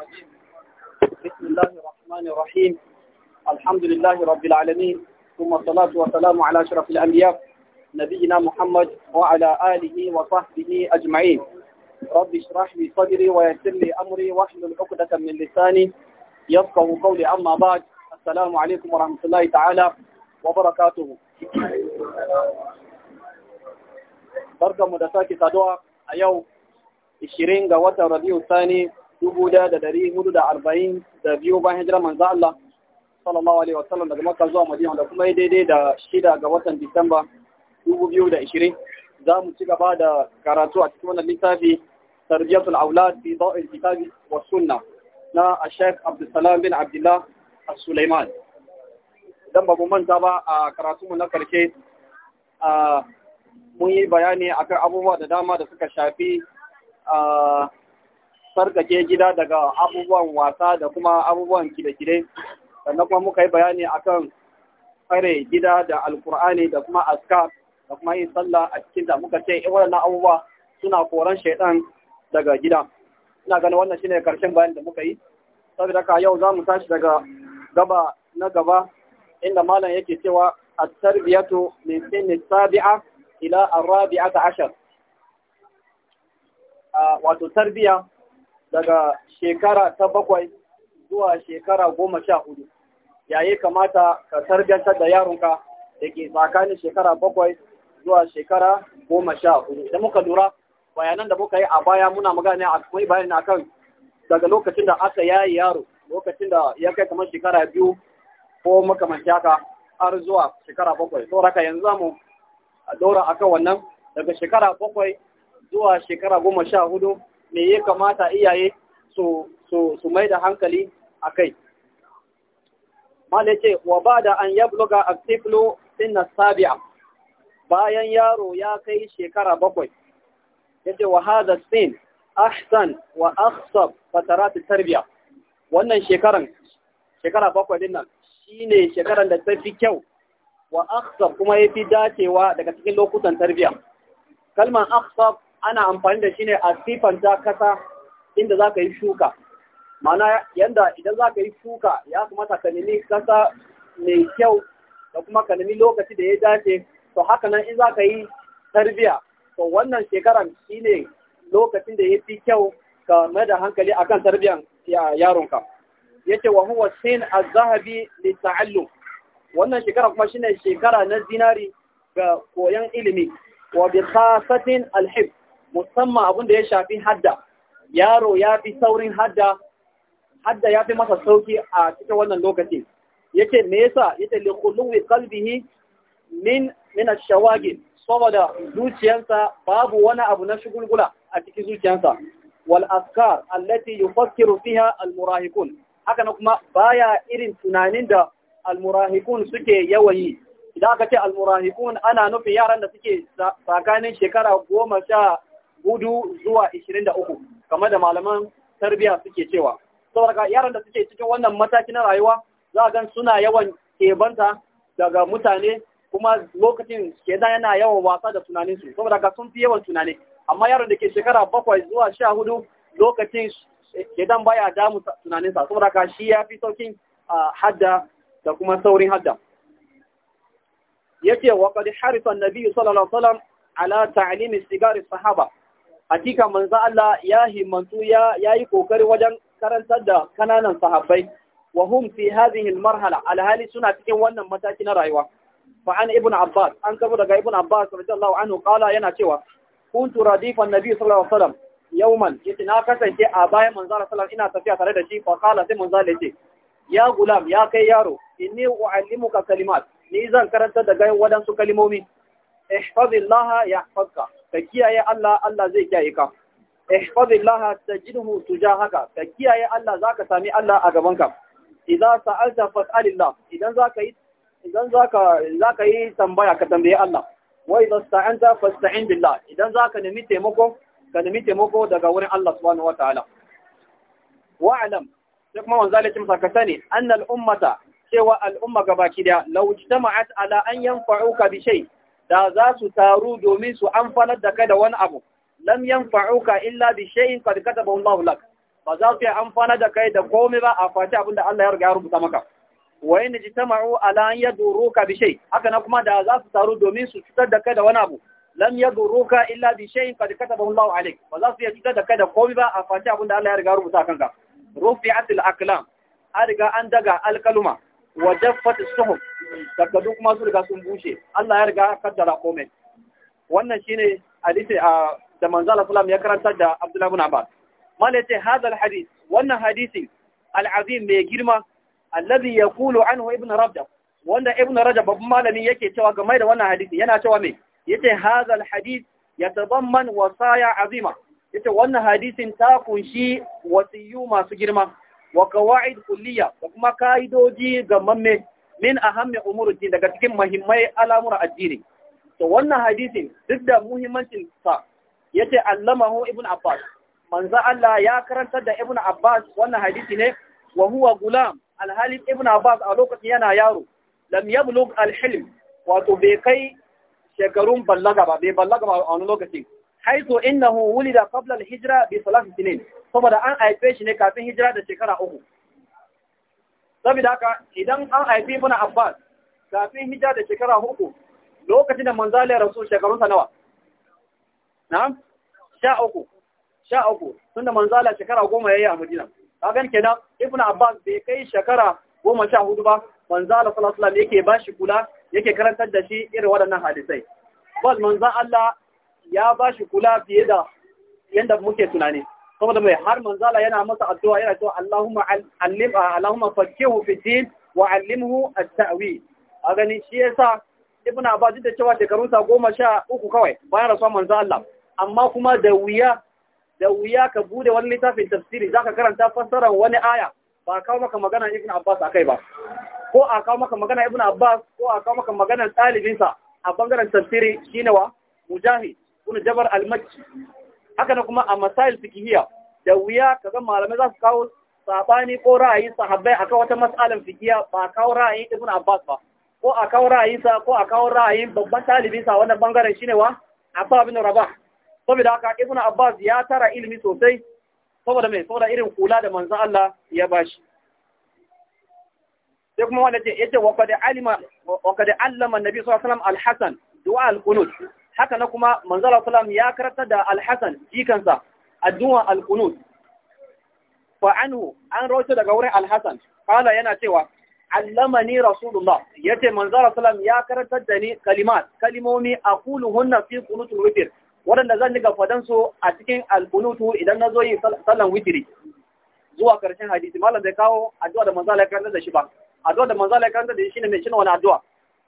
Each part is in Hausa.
الرجيم بسم الله الرحمن الرحيم الحمد لله رب العالمين ثم الصلاة والسلام على أشرف الأنبياء نبينا محمد وعلى آله وصحبه أجمعين رب اشرح لي صدري ويسر لي أمري واحلل عقدة من لساني يفقه قولي أما بعد السلام عليكم ورحمة الله تعالى وبركاته برقم da sake أيو الشرين yau 20 ga watan Rabiu Sani dubu da dari hudu da arba'in da biyu bayan hijirar manzo Allah sallallahu alaihi wasallam daga Makka zuwa Madina da kuma daidai da shida ga watan Disamba dubu biyu da ishirin za mu ci gaba da karatu a cikin wannan littafi tarbiyatul aulad fi da'il kitabi wa sunna na Sheikh Abdulsalam bin Abdullah As-Sulaiman dan ba mu manta ba a karatu mu na karshe mun yi bayani akan abubuwa da dama da suka shafi sarkake gida daga abubuwan wasa da kuma abubuwan kide-kide sannan kuma muka yi bayani akan tsare gida da alkur'ani da kuma aska da kuma yin sallah a cikin da muka ce waɗannan abubuwa suna koran shaidan daga gida ina ganin wannan shine karshen bayan da muka yi saboda ka yau za mu tashi daga gaba na gaba inda malam yake cewa at-tarbiyatu min sinni sabi'a ila ar-rabi'ata ashar ah, wato tarbiya daga shekara ta bakwai zuwa shekara goma sha hudu yayi kamata ka tarbiyantar da yaronka da ke tsakanin shekara bakwai zuwa shekara goma sha hudu da muka lura bayanan da muka yi a baya muna magana a kuma bayani akan daga lokacin da aka yayi yaro lokacin da ya kai kamar shekara biyu ko makamanci haka har zuwa shekara bakwai to raka yanzu zamu a daura akan wannan daga shekara bakwai zuwa shekara goma sha hudu me ya kamata iyaye su mai da hankali a kai. Mala ce, wa ba da an yabluga a tiflo sinna sabi'a, bayan yaro ya kai shekara bakwai, ya ce wa haza sin, ahsan wa aksab fatarati tarbiya. Wannan shekaran, shekara bakwai din nan, shi shekaran da ta fi kyau, wa aksab kuma ya fi dacewa daga cikin lokutan tarbiya. Kalman aksab ana amfani da shi ne a sifanta kasa inda za ka yi shuka mana yanda idan za ka yi shuka ya kamata ka nemi kasa mai kyau da kuma ka nemi lokaci da ya dace to haka nan in za ka yi tarbiya to wannan shekaran shi ne lokacin da ya fi kyau ka mai da hankali akan tarbiyan yaronka yake wa huwa sin a zahabi li ta'allum wannan shekara kuma shine shekara na zinari ga koyan ilimi wa bi khasatin musamman abin da ya shafi hadda yaro ya fi saurin hadda hadda ya fi masa sauki a cikin wannan lokaci me yasa yace li qulubi qalbihi min min ash saboda zuciyarsa babu wani abu na shugulgula a cikin zuciyarsa wal afkar allati yufakkiru fiha al-murahikun haka na kuma baya irin tunanin da al-murahikun suke yawayi idan aka ce al-murahikun ana nufin yaran da suke tsakanin shekara goma sha hudu zuwa ishirin da uku kamar da malaman tarbiyya suke cewa saboda yaran da suke cikin wannan mataki na rayuwa za gan suna yawan kebanta daga mutane kuma lokacin da yana yawan wasa da tunaninsu saboda ka sun fi yawan tunani amma yaron da ke shekara bakwai zuwa sha hudu lokacin kenan baya damu tunaninsa saboda ka shi ya fi saukin hadda da kuma saurin hadda yake wa kadi Harifan nabi sallallahu alaihi wasallam ala ta'limi sigari sahaba hakika manzo Allah ya himmantu ya yayi kokari wajen karantar da kananan sahabbai wa hum fi hadhihi almarhala alhali suna cikin wannan mataki na rayuwa fa an ibn abbas an karbo daga ibn abbas radiyallahu anhu qala yana cewa kuntu radifan nabi sallallahu alaihi wasallam yawman yace na kasance a bayan manzo Allah ina tafiya tare da shi fa qala sai manzo yace ya gulam ya kai yaro inni uallimuka kalimat ni zan karanta daga wadansu kalimomi ihfazillaha yahfazka ka kiyaye Allah Allah zai kiyaye ka ihfazillaha tajidhu tujahaka ka kiyaye Allah zaka sami Allah a gaban ka idza sa'alta fas'alillah idan zaka yi idan zaka zaka yi tambaya ka tambaye Allah wa idza sta'anta fasta'in billah idan zaka nemi taimako ka nemi taimako daga wurin Allah subhanahu wataala wa'lam sai kuma wanzu alaikin ka sani annal ummata cewa al'umma gabaki daya law ijtama'at ala an yanfa'uka bi shay da za su taru domin su amfanar da kai da wani abu lam yanfa'uka illa bi shay'in qad katabahu Allahu lak ba za su amfana da kai da komi ba a faci abin da Allah ya riga ya rubuta maka Wai wa in jitama'u ala an yaduruka bi shay haka na kuma da za su taru domin su cutar da kai da wani abu lam yaduruka illa bi shay'in qad katabahu Allahu alayk ba za su cutar da kai da komi ba a faci abin da Allah ya riga ya rubuta kanka rufi'atil aqlam an riga an daga alkaluma wa jaffat suhuf takardu kuma su riga sun bushe Allah ya riga kaddara komai wannan shine hadisi a da manzo Allah sallallahu ya karantar da Abdullah ibn Abbas malaita hada hadis. wannan hadisi alazim mai girma alladhi yaqulu anhu ibn Rajab wanda ibn Rajab babban malami yake cewa game da wannan hadisi yana cewa me yace hada alhadith yatadamman wasaya azima yace wannan hadisin ta kunshi wasiyu masu girma wa qawaid kulliya da kuma kaidoji ga mamme min ahammi umuri daga cikin muhimmai al'amura addini to wannan hadisin duk da muhimmancin sa yace allamahu ibn abbas manzo Allah ya karantar da ibn abbas wannan hadisi ne wa huwa gulam alhalin ibn abbas a lokacin yana yaro lam yablug alhilm wato bai kai shekarun ballaga ba bai ballaga ba a wani lokacin haitu innahu wulida qabla alhijra bi salati sinin saboda an haife shi ne kafin hijira da shekara uku saboda haka idan an haifi ibn abbas kafin hijira da shekara uku lokacin da manzali ya rasu shekarunsa nawa na'am sha uku sha uku tun da manzala shekara goma ya yi a madina kagan kenan ibn abbas bai kai shekara goma sha hudu ba manzala sallallahu alaihi yake ba shi kula yake karantar da shi irin waɗannan hadisai bal manzan Allah ya ba shi kula fiye da yanda muke tunani saboda mai har manzala yana masa addu'a yana cewa Allahumma allim ah, Allahumma fakkihu fi din wa allimhu at-ta'wil a gani shi yasa Ibn Abbas da cewa shekarun sa goma sha uku kawai bayan rasuwa manzo Allah amma kuma da wuya da wuya ka bude wani littafin tafsiri zaka karanta fassarar wani aya ba kawo maka magana Ibn Abbas akai ba ko a kawo maka magana Ibn Abbas ko a kawo maka magana ɗalibinsa a bangaren tafsiri shine wa Mujahid ibn jabar al-Makki haka na kuma a masail fikihiyya da wuya kaga malamai za su kawo sabani ko ra'ayi sahabbai kawo wata mas'alin fikiya ba a kawo ra'ayi ibn Abbas ba ko a kawo ra'ayi sa ko a kawo ra'ayi babban talibi sa wannan bangaren shine wa Abba bin Rabah saboda haka ibn Abbas ya tara ilimi sosai saboda mai saboda irin kula da manzo Allah ya bashi sai kuma wanda ce yace wa qad alima wa qad allama annabi sallallahu alaihi wasallam al-hasan du'a al-qunut haka na kuma manzala salam ya karanta da alhassan jikansa addu'a alqunut fa anhu an rawaita daga wurin alhassan kala yana cewa allamani rasulullah yace manzala salam ya karanta da ni kalimat kalimomi aquluhunna fi qunutul witr waɗanda zan ga fadan su a cikin alqunutu idan nazo yi sallan witri zuwa karshen hadisi malam bai kawo addu'a da manzala ya karanta da shi ba addu'a da manzala ya karanta da shi ne mai shine wani addu'a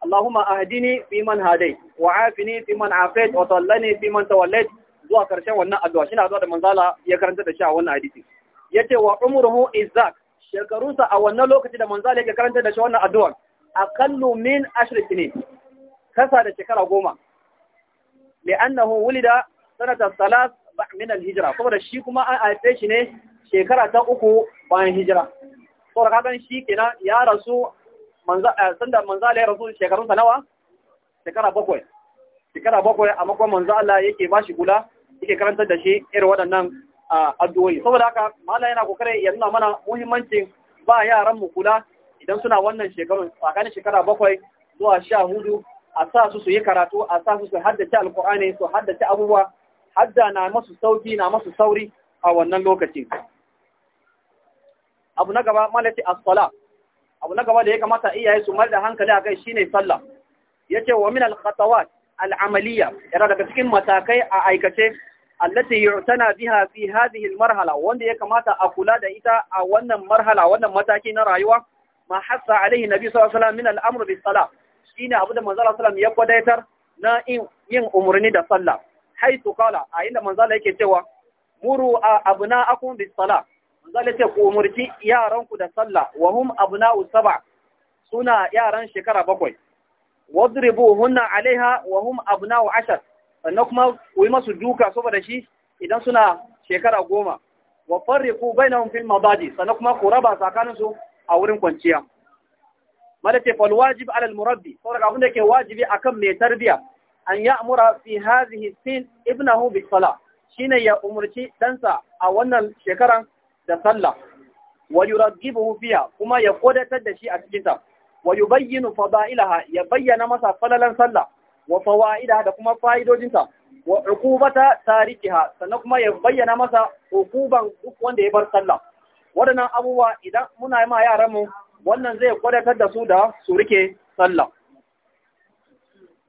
اللهم أهدني في من هديت وعافني في من عافيت وطلني في من توليت zuwa karshen wannan addu'a shi na da manzala ya karanta da shi a wannan hadisi wa umruhu izak shekarunsa a wannan lokaci da manzala yake karanta da shi wannan addu'a aqallu min ashri sinin kasa da shekara goma li'annahu wulida sanata salas min hijira? hijra saboda shi kuma an haife shi ne shekara ta uku bayan hijira saboda kagan shi kenan ya rasu Eh, sanda manzo Allah ya rasu shekarun sa nawa shekara bakwai shekara bakwai a makon manzo Allah yake ba shi kula yake karantar da shi irin waɗannan addu'o'i saboda haka mallan yana kokare ya nuna mana muhimmancin ba yaran mu kula idan suna wannan shekarun tsakanin shekara bakwai zuwa sha hudu a sa su su yi karatu a sa su su haddace alkur'ani su haddace abubuwa hadda na masu sauki na masu sauri a wannan lokacin abu na gaba malati as-salat abu na gaba da ya kamata iyaye su mar da hankali a kai shine sallah ya ce wa min al-khatawat al yana daga cikin matakai a aikace allati tana biha fi hadhihi marhala wanda ya kamata a kula da ita a wannan marhala wannan mataki na rayuwa ma hassa alaihi nabi sallallahu alaihi wasallam min al-amr bis salah shine abu da manzala sallam ya kwadaitar na yin umarni da sallah haitu qala a inda manzala yake cewa muru abna'akum bis sallah. zai ce ku umurci yaranku da sallah wa hum abna'u saba suna yaran shekara bakwai wadribu hunna alaiha wa hum abna'u ashar sannan kuma ku yi masu duka saboda shi idan suna shekara goma wa farriqu bainahum fil madaji sannan kuma ku raba tsakanin su a wurin kwanciya malace fal wajib ala al murabbi saboda abin da yake wajibi akan mai tarbiya an ya'mura fi hadhihi sin ibnahu bis sala shine ya umurci dansa a wannan shekaran da sallah wa yuraghibuhu kuma ya kodatar da shi a cikin ta wa yubayyinu fada'ilaha ya bayyana masa falalan sallah wa fawaidaha da kuma fa'idojinta wa uqubata tarikiha sannan kuma ya bayyana masa hukuban duk wanda ya bar sallah waɗannan abubuwa idan muna ma yaran mu wannan zai kwadatar da su da su rike sallah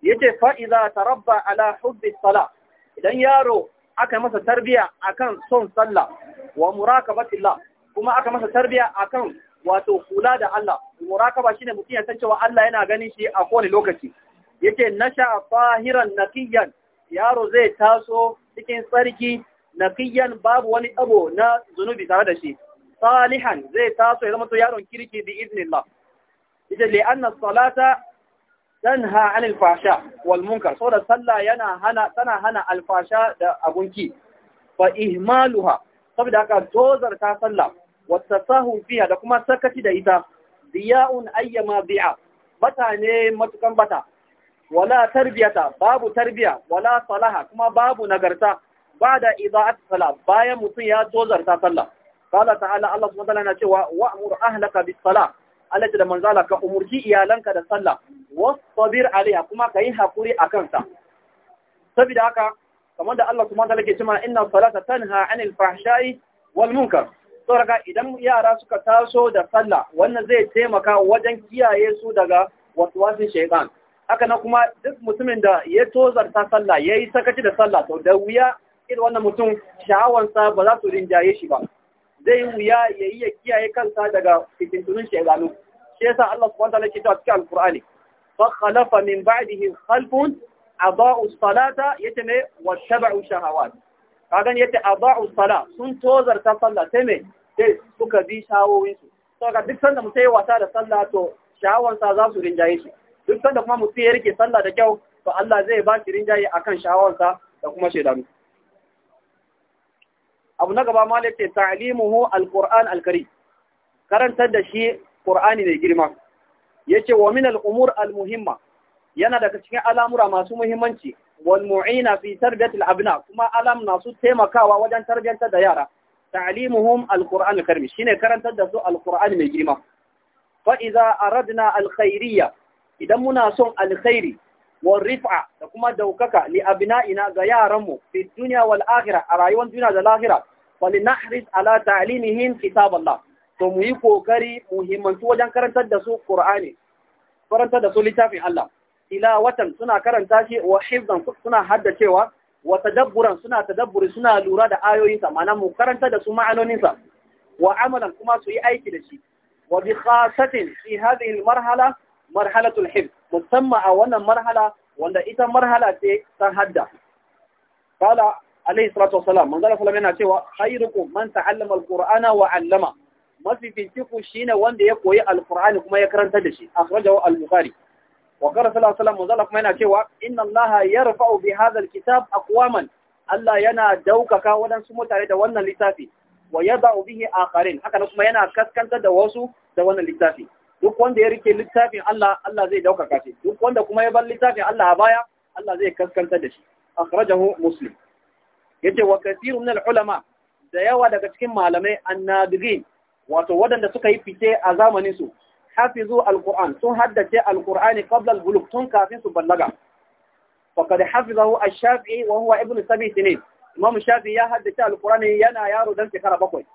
yace Fa'iza ta rabba ala hubbi salah idan yaro aka masa tarbiya akan son sallah wa muraqabatillah kuma aka masa tarbiya akan wato kula da Allah muraqaba shine mutum ya san cewa Allah yana ganin shi a kowane lokaci yake nasha fahiran naqiyan yaro zai taso cikin tsarki naqiyan babu wani abu na zunubi tare da shi salihan zai taso ya zama to yaron kirki bi idnillah yace li anna salata tanha anil fasha wal munkar saboda sallah yana hana tana hana alfasha da abunki fa ihmaluha saboda haka dozar ta sallah wa tasahu fiha da kuma sakaci da ita diya'un ayyama bi'a bata ne matukan bata wala tarbiyata babu tarbiya wala salaha kuma babu nagarta ba da ida'at sala bayan mutum ya dozar ta sallah qala ta'ala Allah subhanahu wa ta'ala yana cewa wa'mur ahlaka bis salah Allah da manzala ka umurci iyalanka da sallah wasabir alaiha kuma ka yi hakuri a kansa saboda haka kamar da Allah kuma ta ta'ala ke cewa inna salata tanha 'anil fahsha'i wal munkar raka idan yara suka taso da sallah wannan zai taimaka wajen kiyaye su daga waswasin shaytan haka na kuma duk mutumin da ya tozarta sallah yayi sakaci da sallah to da wuya irin wannan mutum sha'awansa ba za su rinjaye shi ba zai wuya ya yi ya kiyaye kansa daga fitintunin shaidanu shi yasa Allah subhanahu wataala ke cewa cikin alqur'ani fa khalafa min ba'dihim khalfun adha'u salata yace ne wattaba'u shahawat kaga ne yace sala sun tozarta sallah sai me sai suka bi shawoyin su ga duk sanda mutum ya wasa da sallah to shawansa za su rinjaye shi duk sanda kuma mutum ya rike sallah da kyau to Allah zai ba shi rinjaye akan shawansa da kuma shaidanu abu na gaba malik ce ta'limuhu alquran alkarim karantar da shi qur'ani ne girma yace wa min al'umur almuhimma yana daga cikin al'amura masu muhimmanci wal mu'ina fi tarbiyati alabna kuma alam na su taimakawa wajen tarbiyantar da yara ta'limuhum alquran alkarim shine karantar da su alqur'ani mai girma fa idza aradna alkhairiyya idan muna son alkhairi والرفعة تكما دوكك لأبنائنا wal في a rayuwar duniya da lahira. falinahrid ala ta'limihim kitab Allah to mu yi kokari muhimmanci wajen karantar da su Qur'ani karantar da su littafin Allah tilawatan suna karanta shi wa hifzan suna haddacewa wa tadabburan suna tadabburi suna lura da ayoyinsa ma'ana mu karanta da su ma'anoninsa wa amalan kuma su yi aiki da shi wa bi khasatin fi hadhihi marhala marhalatul hifz musamman a wannan marhala wanda ita marhala ce ta hadda alaihi salatu wasalam manzo Allah yana cewa khairukum man ta'allama alqur'ana wa 'allama mafifincin ku shine wanda ya koyi alqur'ani kuma ya karanta da shi akhrajahu al-bukhari wa qala sallallahu alaihi wasallam kuma yana cewa inna allaha yarfa'u bi hadha alkitab aqwaman Allah yana daukaka wadansu mutane da wannan littafi wa yada'u bihi akharin haka kuma yana kaskantar da wasu da wannan littafi duk wanda ya rike littafin Allah Allah zai daukaka shi duk wanda kuma ya bar littafin Allah a baya Allah zai kaskantar da shi akhrajahu muslim yace wa kathiru min ulama da yawa daga cikin malamai annadirin wato wadanda suka yi fice a zamanin su hafizu al alquran sun haddace al alqurani qabla albulugh tun kafin su ballaga faqad hafizahu ash-shafi'i wa huwa ibn sabi sinin imam shafi ya haddace al alqurani yana yaro dan shekara bakwai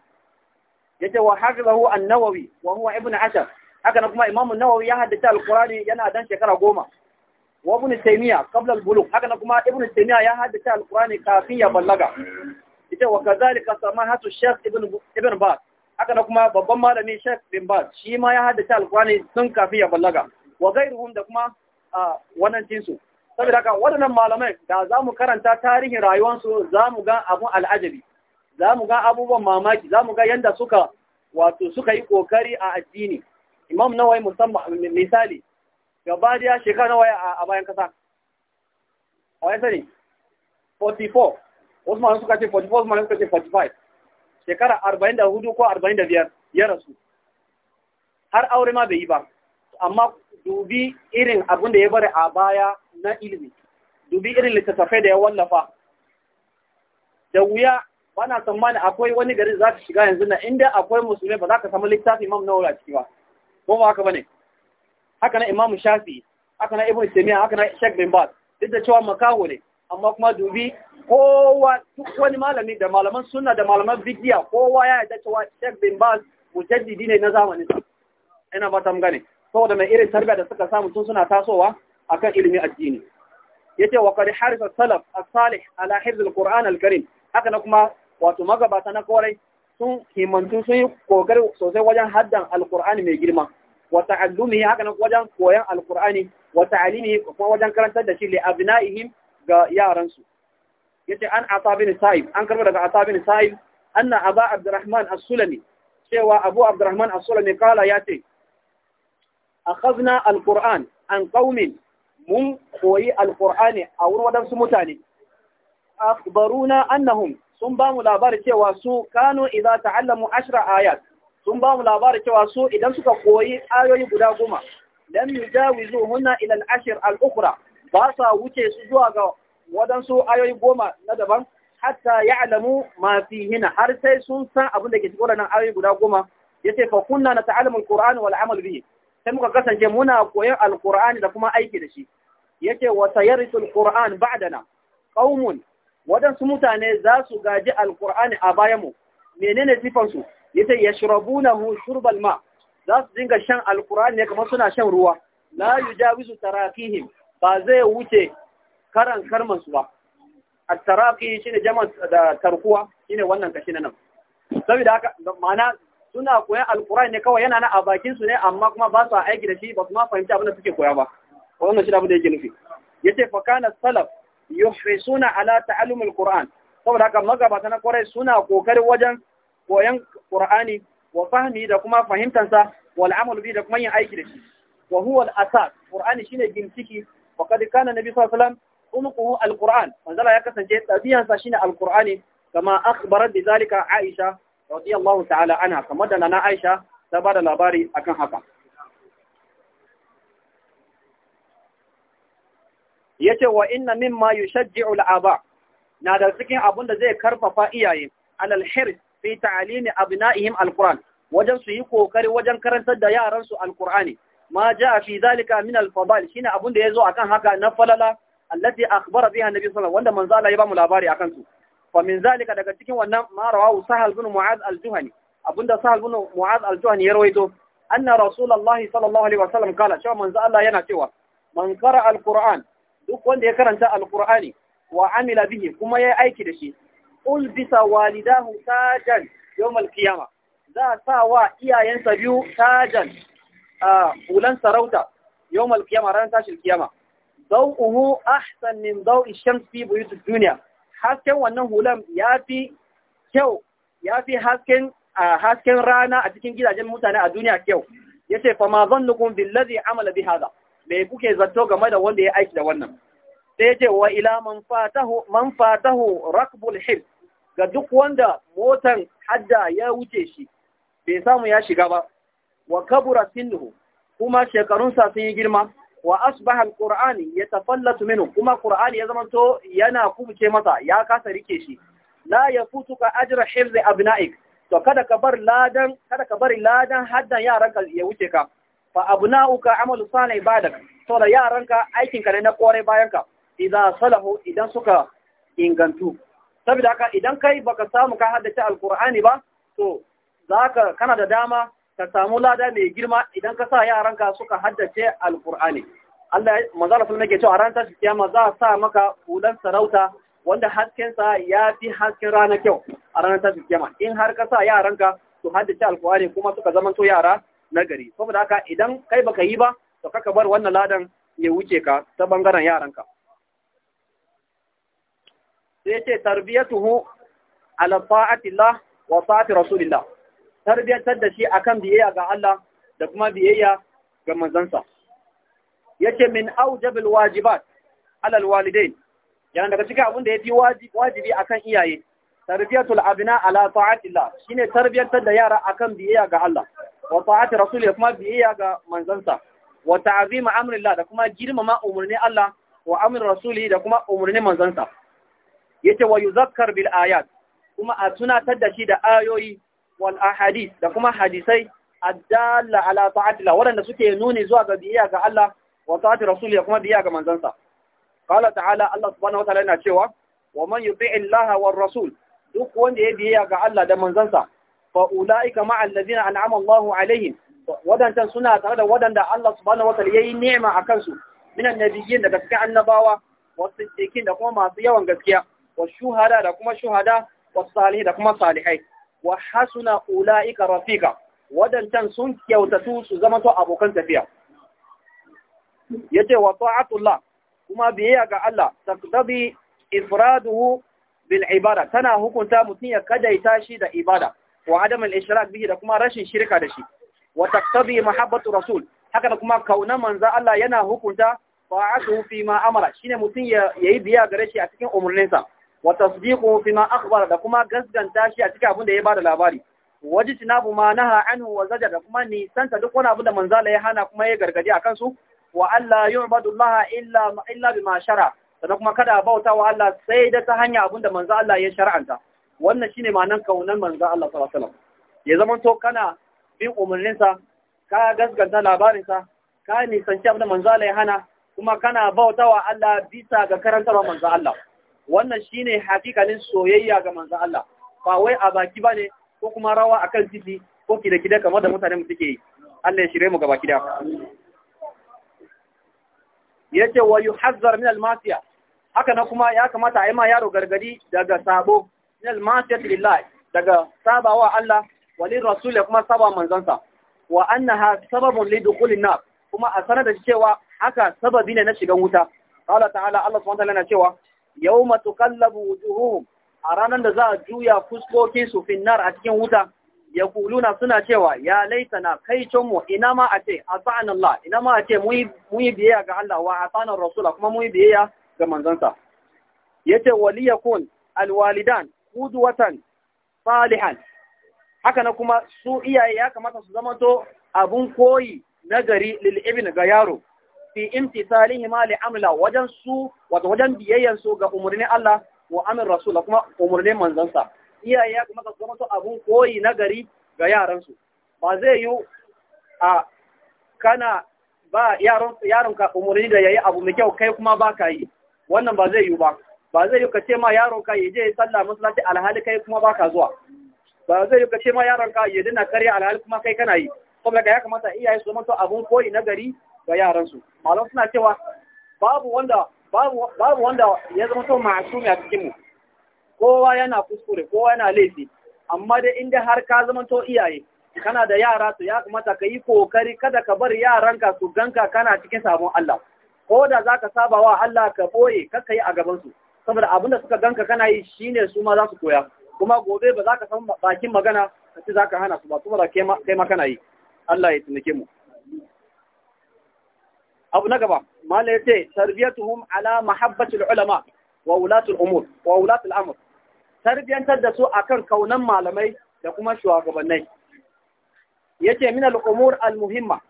yace wa hafizahu an-nawawi wa huwa ibn ashar haka kuma imam an-nawawi ya haddace al alqurani yana dan shekara goma wa ibn taymiya qabla al-bulugh haka kuma ibn taymiya ya haddace al kafin ya ballaga ita wa kazalika samahatu shaykh ibn ibn baz haka kuma babban malami shaykh ibn baz shi ma ya haddace al sun kafin ya ballaga wa gairuhum da kuma wannan jinsu saboda haka waɗannan malamai da za mu karanta tarihin rayuwarsu za mu ga abun al'ajabi za mu ga abubuwan mamaki za mu ga yadda suka wato suka yi kokari a addini imam nawai musamman misali gaba daya shekara nawa a bayan kasa a wani sani 44 wasu manu suka ce 44 wasu manu suka ce 45 shekara 44 ko 45 ya rasu har aure ma bai yi ba amma dubi irin abin da ya bari a baya na ilimi dubi irin littattafai da ya wallafa da wuya ba na tsammani akwai wani gari za ka shiga yanzu na inda akwai musulmi ba za ka samu littafi imam na a ciki ba ko ba haka ba ne. haka na imamu shafi haka na ibn taymiya haka na shek bin Bas. duk da cewa makaho ne amma kuma dubi kowa duk wani malami da malaman sunna da malaman bidiya kowa ya yadda cewa shek bin mujaddidi ne na zamanin sa ina ba ta gane saboda mai irin tarbiyya da suka samu tun suna tasowa akan ilimi addini yace wa qad harisa salaf as-salih ala hifz al-qur'an al-karim haka kuma wato magabata na kwarai sun himantu sun yi kokari sosai wajen haddan alkur'ani mai girma wa ta'allumihi haka nan wajen koyan alqur'ani wa ta'alimihi kuma wajen karantar da shi li ga yaran su yace an asabin sa'ib an karbo daga asabin sa'ib anna aba abdurrahman as-sulami cewa abu abdurrahman as-sulami kala yace akhadna alqur'an an qaumin mu koyi alqur'ani a wurin wadansu mutane akhbaruna annahum sun bamu labarin cewa su kano idza ta'allamu ashra ayat sun ba mu labarin cewa su idan suka koyi ayoyi guda goma lam yujawizu hunna ila al-ashr al-ukhra ba sa wuce su zuwa ga wadansu ayoyi goma na daban hatta ya'lamu ma fihina har sai sun san abin da ke cikin wannan ayoyi guda goma yace fa kunna nata'allamu al-qur'ana wal 'amalu bihi sai muka kasance muna koyon al da kuma aiki da shi yace wa sayarisu al-qur'an ba'dana qaumun wadansu mutane za su gaji al a bayan mu menene sifansu su yace yashrabunahu shurbal ma za su dinga shan alqur'ani ne kamar suna shan ruwa la yujawizu tarakihim ba zai wuce karan karman su ba at-taraqi shine jama' da tarkuwa shine wannan kashi nan saboda haka ma'ana suna koyan alqur'ani ne kawai yana na a bakin su ne amma kuma ba su aiki da shi ba su ma fahimci abin da suke koya ba wannan shi da abin da yake nufi yace fa kana salaf yuhrisuna ala ta'allum alqur'an saboda haka magabata na kwarai suna kokarin wajen koyan Qur'ani wa fahmi da kuma fahimtansa wal amalu bi da kuma yin aiki da shi wa huwa al asas Qur'ani shine gintiki wa kad kana nabi sallallahu alaihi wasallam umquhu al Qur'an manzala ya kasance tabiyansa shine al Qur'ani kama akhbarat bi zalika Aisha radiyallahu ta'ala anha kamar da nana Aisha ta bada labari akan haka yace wa inna mimma yushajji'u al-aba na da cikin abun da zai karfafa iyaye alal hirs fi ta'alimi abna'ihim alquran wajen su yi kokari wajen karantar da yaran su alqurani ma jaa fi zalika min alfadal shine abun da yazo akan haka na falala allati akhbara biha annabi sallallahu alaihi wanda manzo Allah ya ba mu labari akan su fa min zalika daga cikin wannan ma rawahu sahal bin mu'az al-juhani abunda sahal bin mu'az al-juhani ya rawaito anna rasulullahi sallallahu alaihi wasallam kala cewa manzo Allah yana cewa man qara duk wanda ya karanta al wa amila bihi kuma yi aiki da shi ulbisa walidahu tajan yawmal qiyama za a sa wa iyayensa biyu tajan a sarauta yawmal qiyama ran tashin qiyama dawuhu ahsan min dawi shams fi buyut dunya hasken wannan hulan yafi kyau yafi hasken hasken rana a cikin gidajen mutane a duniya kyau yace fa ma zannukum billazi amala bi hada me kuke zato game da wanda ya aiki da wannan sai yace wa ila man fatahu man fatahu rakbul hib ga duk wanda motan hadda ya wuce shi bai samu ya shiga ba wa kabura sinuhu kuma shekarunsa sun yi girma wa asbaha alqur'ani yatafallatu minhu kuma qur'ani ya zamanto yana kubuce masa ya kasa rike shi la yafutuka ajra hifz abna'ik to kada ka ladan kada ka bari ladan haddan yaranka ya wuce ka fa abna'uka amalu salih ibadak to da yaranka aikin ka ne na kore bayan ka idan salahu idan suka ingantu saboda haka idan kai baka samu ka haddace alkur'ani ba to zaka kana da dama ka samu lada mai girma idan ka sa yaranka suka haddace alkur'ani Allah manzo rasul nake cewa ran tashi kiyama za a sa maka hulan sarauta wanda hasken sa ya fi hasken rana kyau a ranar kiyama in har ka sa yaranka su haddace alkur'ani kuma suka zama to yara nagari. gari saboda haka idan kai baka yi ba to kaka bar wannan ladan ya wuce ka ta bangaren yaranka sai yace tarbiyatuhu ala ta'atillah wa ta'ati rasulillah tarbiyatar da shi akan biyayya ga Allah da kuma biyayya ga manzansa yace min aujabil wajibat ala alwalidain yana daga cikin abin da yafi wajibi akan iyaye tarbiyatul abna ala ta'atillah shine tarbiyatar da yara akan biyayya ga Allah wa ta'ati rasulillah kuma biyayya ga manzansa wa ta'zima amrillah da kuma girmama umurnin Allah wa amrin rasuli da kuma umurnin manzansa yace wa yuzakkar bil ayat kuma a tunatar da shi da ayoyi wal ahadith da kuma hadisai addalla ala ta'atillah waɗanda suke nuni zuwa ga biyayya ga Allah wa ta'ati rasul ya kuma biyayya ga manzansa qala ta'ala Allah subhanahu wataala yana cewa wa man yuti'i Allah war rasul duk wanda ya biyayya ga Allah da manzansa fa ulaika ma'a allazina an'ama Allahu alaihim wadantan suna tare da wadanda Allah subhanahu ya yayi ni'ima akan su minan nabiyyin daga cikin annabawa wasu cikin da kuma masu yawan gaskiya wa shuhada da kuma shuhada wa salih da kuma salihai wa hasuna ula'ika rafika wadancan sun kyautatu su zama to abokan tafiya yace wa ta'atullah kuma biyayya ga Allah taqdabi ifraduhu bil ibada tana hukunta mutum ya kadaita shi da ibada wa adam ishrak bihi da kuma rashin shirka da shi wa taqtabi mahabbatu rasul haka kuma kauna manzo Allah yana hukunta ta'atuhu fi ma shine mutum ya yi biya gare shi a cikin umurninsa wa tasdiquhu fi ma akhbara da kuma gaskanta shi a cikin abin da ya bada labari waji tinabu ma naha anhu wa zaja da kuma nisanta duk wani abu da manzala ya hana kuma ya gargadi akan su wa Allah yu'badu Allah illa illa bima shara sannan kuma kada bauta wa Allah sai da ta hanya abin da manzo Allah ya shar'anta wannan shine ma'anar kaunan manzo Allah sallallahu alaihi wasallam ya zama to kana bin umarninsa ka gaskanta labarinsa ka nisanci abin da manzo Allah ya hana kuma kana bauta wa Allah bisa ga karantarwa manzo Allah wannan shi ne hakikalin soyayya ga manzon Allah ba wai a baki bane ko kuma rawa a kan titi ko kide-kide kamar da mutane mu suke yi Allah ya shirye mu gaba kida ce wa yuhazzar min almasiya haka na kuma ya kamata a yi ma yaro gargadi daga sabo min almasiya masiya daga sabawa Allah walin rasul ya kuma saba manzansa wa annaha sababun li na kuma a sanar da cewa haka sababi ne na shigan wuta qala ta'ala Allah subhanahu wa ta'ala cewa yau Labu wujuhuhum a ranar da za a juya fuskokin su finnar a cikin wuta ya kuluna suna cewa ya na kai mu ina ma a sa'an Allah ina ma ce mun yi biyayya ga Allah wa ata'ana rasula kuma mun yi biyayya ga manzansa Ya yace waliyakun alwalidan kudu watan salihan haka na kuma su iyaye ya kamata su zamanto abin koyi na gari lil'ibin ga yaro fi ma li amla wajen su wato wajen biyayyan su ga umurnin Allah wa amin rasula kuma umurnin manzansa iyaye ya kuma zama su abun koyi na gari ga yaran su ba zai yi a kana ba yaron yaron ka umurni da yayi abu mai kyau kai kuma ba ka yi wannan ba zai yi ba ba zai yi ka ce ma yaron ka yaje sallah masallaci alhali kai kuma ba ka zuwa ba zai yi ka ce ma yaron ka ya na karya alhali kuma kai kana yi saboda ya kamata iyaye su zama abun koyi na gari ga yaransu malam suna cewa babu wanda babu wanda ya zama to ma'asumi a cikin kowa yana kuskure kowa yana laifi amma da inda har ka zama to iyaye kana da yara su ya kamata ka yi kokari kada ka bar yaranka su ganka kana cikin sabon Allah ko da zaka saba wa Allah ka boye kaka yi a gabansu saboda abin da suka ganka kana yi shine su ma za su koya kuma gobe ba za ka san bakin magana ka ce za ka hana su ba kuma da kai ma kana yi Allah ya tunake mu abu na gaba mala yace tarbiyatuhum ala mahabbatil ulama wa ulatul umur wa ulatul amr tarbiyantar da su akan kaunan malamai da kuma shugabannai yace min al umur al muhimma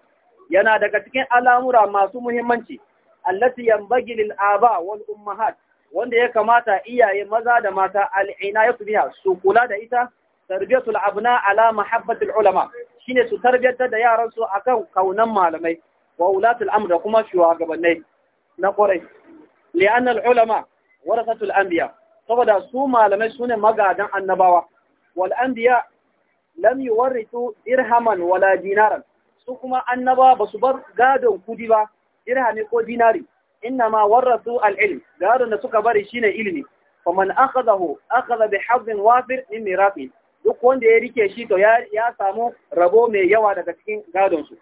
yana daga cikin al'amura masu muhimmanci allati yanbaghi lil aba wal ummahat wanda ya kamata iyaye maza da mata al'inayatu biha su kula da ita tarbiyatul abna ala mahabbatil ulama shine su tarbiyantar da yaran su akan kaunan malamai wa ulatul amr kuma shugabannai na ƙwarai li'anna al-ulama warasatul anbiya saboda su malamai sune magadan annabawa wal anbiya lam yuwarritu dirhaman wala dinaran su kuma annabawa ba su bar gadon kudi ba dirhami ko dinari inna ma warrasu al-ilm gadon da suka bari shine ilimi faman akhadahu akhadha bi hazzin wafir mai mirathi duk wanda ya rike shi to ya samu rabo mai yawa daga cikin gadon su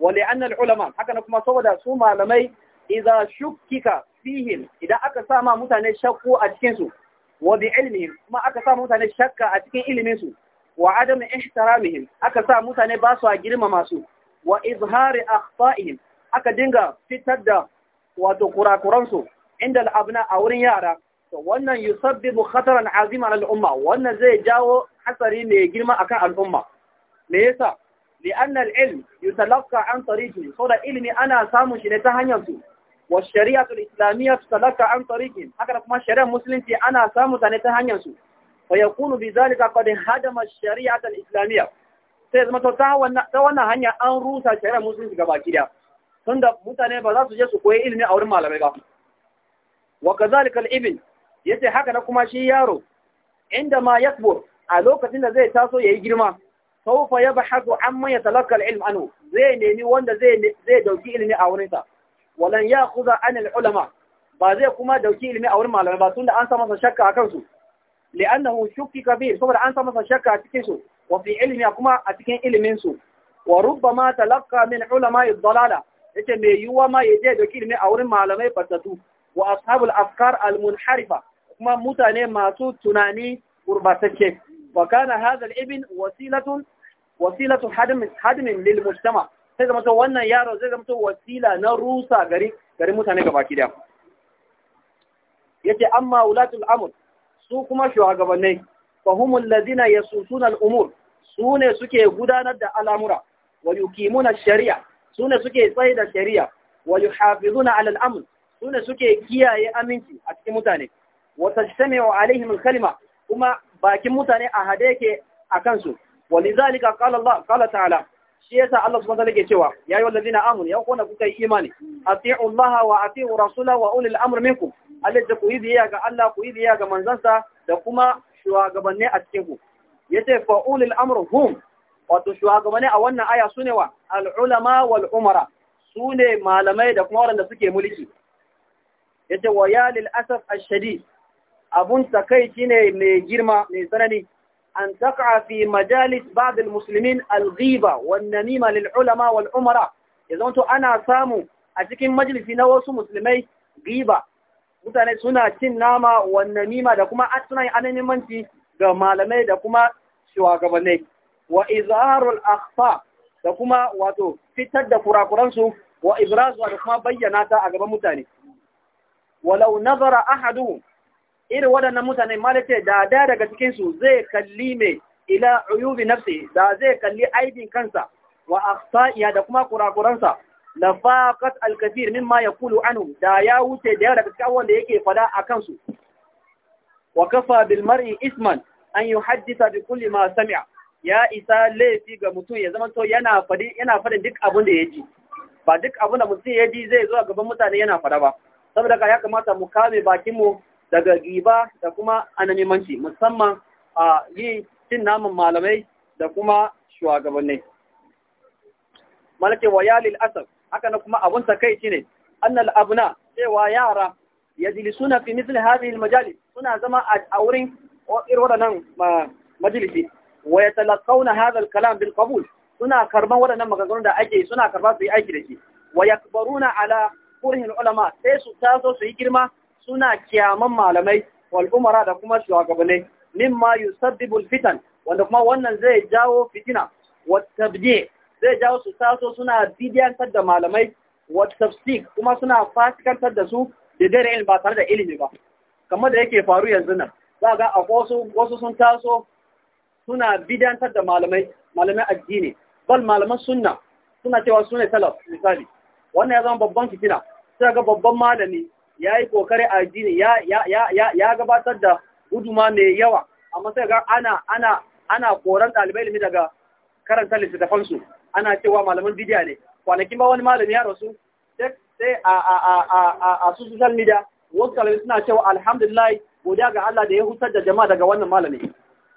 wale annal ulama haka na kuma saboda su malamai idan shukkika fihim idan aka sama mutane shakku a cikin su wa bi ilmihim kuma aka sa mutane shakka a cikin ilimin su wa adam ihtaramihim aka sa mutane ba su a girmama su wa izhari akhta'ihim aka dinga fitar da wato kurakuran su inda al'abna a wurin yara to wannan yusabbibu khataran azima al umma wannan zai jawo hatsari mai girma akan al'umma me yasa لأن العلم يتلقى عن طريقهم صورة علمي أنا سامو شنة هنيسو والشريعة الإسلامية تتلقى عن طريقهم هكذا كما الشريعة المسلمة أنا سامو شنة هنيسو فيكون بذلك قد هدم الشريعة الإسلامية sai zama ta wannan hanya an rusa shari'ar musulunci gaba kiriya tunda mutane ba za su je su koyi ilimi a wurin malamai ba wa kazalikal ibn yace haka na kuma shi yaro inda ma yakbur a lokacin da zai taso ya yi girma saufa ya ba haku an manya talakar ilm anu zai nemi wanda zai dauki ilimi a wurinsa walan ya kuza anil ulama ba zai kuma dauki ilimi a wurin malamai ba tun da an sa masa shakka a kansu li'annahu shukki kabir saboda an sa masa shakka a cikin su wa fi ilmi kuma a cikin ilimin su wa rubbama talaka min ulama ad-dalala yace me yuwa ma yaje dauki ilimi a wurin malamai fatatu wa ashabul afkar al-munharifa kuma mutane masu tunani gurbatacce فكان هذا الابن وسيلة وسيلة حدم حدم للمجتمع sai zama to wannan yaro zai zama to wasila na rusa gari gari mutane gaba ki da yace amma ulatul amr su kuma shugabanni fahumul ladina yasusuna al umur sune suke gudanar da al'amura wa yuqimuna shari'a sune suke tsaye da shari'a wa yuhafizuna ala al amn sune suke kiyaye aminci a cikin mutane wa tajtami'u alaihim al kalima kuma bakin mutane a hade yake a kansu walizalika qala Allah ta'ala shi yasa Allah subhanahu wataala ke cewa ya ayyuhal ladina Amun ya kuna kuka yi imani ati'u Allah wa ati'u rasula wa ulil amri minkum Allah ku yi biyayya ga Allah ku yi biyayya ga manzansa da kuma shuwagabanni a cikin ku yace fa ulil amri hum wato shuwagabanni a wannan aya sune wa al ulama wal umara sune malamai da kuma waɗanda suke mulki yace wa ya lil asaf ash-shadid abun takaici ne mai girma mai tsanani an taka fi majalis ba'dul Musulmin al-ghiba wan namima lil ulama wal umara ya zanto ana samu a cikin majalisi na wasu musulmai ghiba mutane suna cin nama wa namima da kuma suna yin ananimanci ga malamai da kuma shugabanni wa izharul akhfa da kuma wato fitar da kurakuransu wa ibrazu da kuma bayyana ta a gaban mutane walau nazara ahadu irin waɗannan mutane malace da daya daga cikinsu zai kalli mai ila uyubi nafsi da zai kalli aibin kansa wa akhta'iya da kuma kurakuransa la faqat al-kathir mimma yaqulu anhu da ya wuce da daga cikin wanda yake fada a kansu wa kafa bil mar'i isman an yuhaddisa bi kulli ma sami'a ya isa laifi ga mutum ya zama to yana fadi yana fada duk abin da ya ji ba duk abin da mutum ya ji zai zo a gaban mutane yana fada ba saboda ka ya kamata mu kame bakin mu daga giba da kuma ananimanci musamman a yi cin namun malamai da kuma shugabanni malake wa yalil asab haka na kuma abun takaici ne annal abuna cewa yara ya suna fi mithl hadhihi majalis suna zama a wurin irin waɗannan majalisi wa yatalaqawna hadha kalam bil kabul suna karban waɗannan maganganun da ake suna karba su yi aiki da shi wa na ala kurhin ulama sai su taso su yi girma suna kiyaman malamai wal umara da kuma shugabanni min ma al fitan wanda kuma wannan zai jawo fitina wa tabdi zai jawo su taso suna bidiyantar da malamai wa tafsik kuma suna fasikantar da su da dare ba tare da ilimi ba kamar da yake faru yanzu nan za ga a wasu wasu sun taso suna bidantar da malamai malamai addini bal malaman sunna suna cewa sune salaf misali wannan ya zama babban fitina sai ga babban malami ya yi kokare a addini ya gabatar da guduma mai yawa amma sai ga ana ana ana koran ɗalibai ilimi daga karanta littattafansu ana cewa malaman bidiya ne kwanakin ba wani malami ya rasu sai a su social media wasu kalami suna cewa alhamdulillah godiya ga Allah da ya hutar da jama'a daga wannan malami